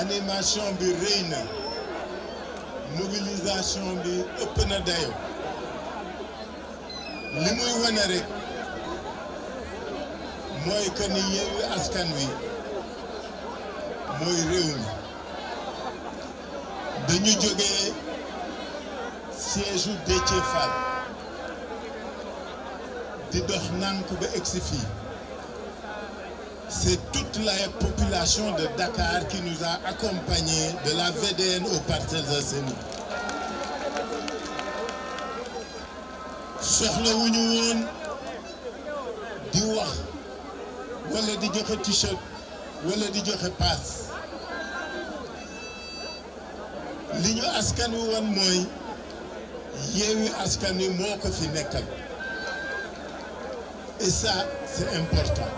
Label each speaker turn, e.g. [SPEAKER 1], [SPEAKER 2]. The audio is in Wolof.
[SPEAKER 1] animation bi reine mobilisation bi ëpp na dayo li muy wone rek mooy que ni Yewwi Askan Wi mooy réew mi dañu jógee
[SPEAKER 2] siège u Fall
[SPEAKER 3] di dox nànk ba egsi fii c'est toute la population de Dakar qui nous a accompagnés de la VDN au Parti Assainies soxlawuñu woon
[SPEAKER 4] di Diwa, wala di joxe t-shirt wala di joxe paas li ñu askan wi
[SPEAKER 5] woon mooy yeewi askan wi et ça c'est important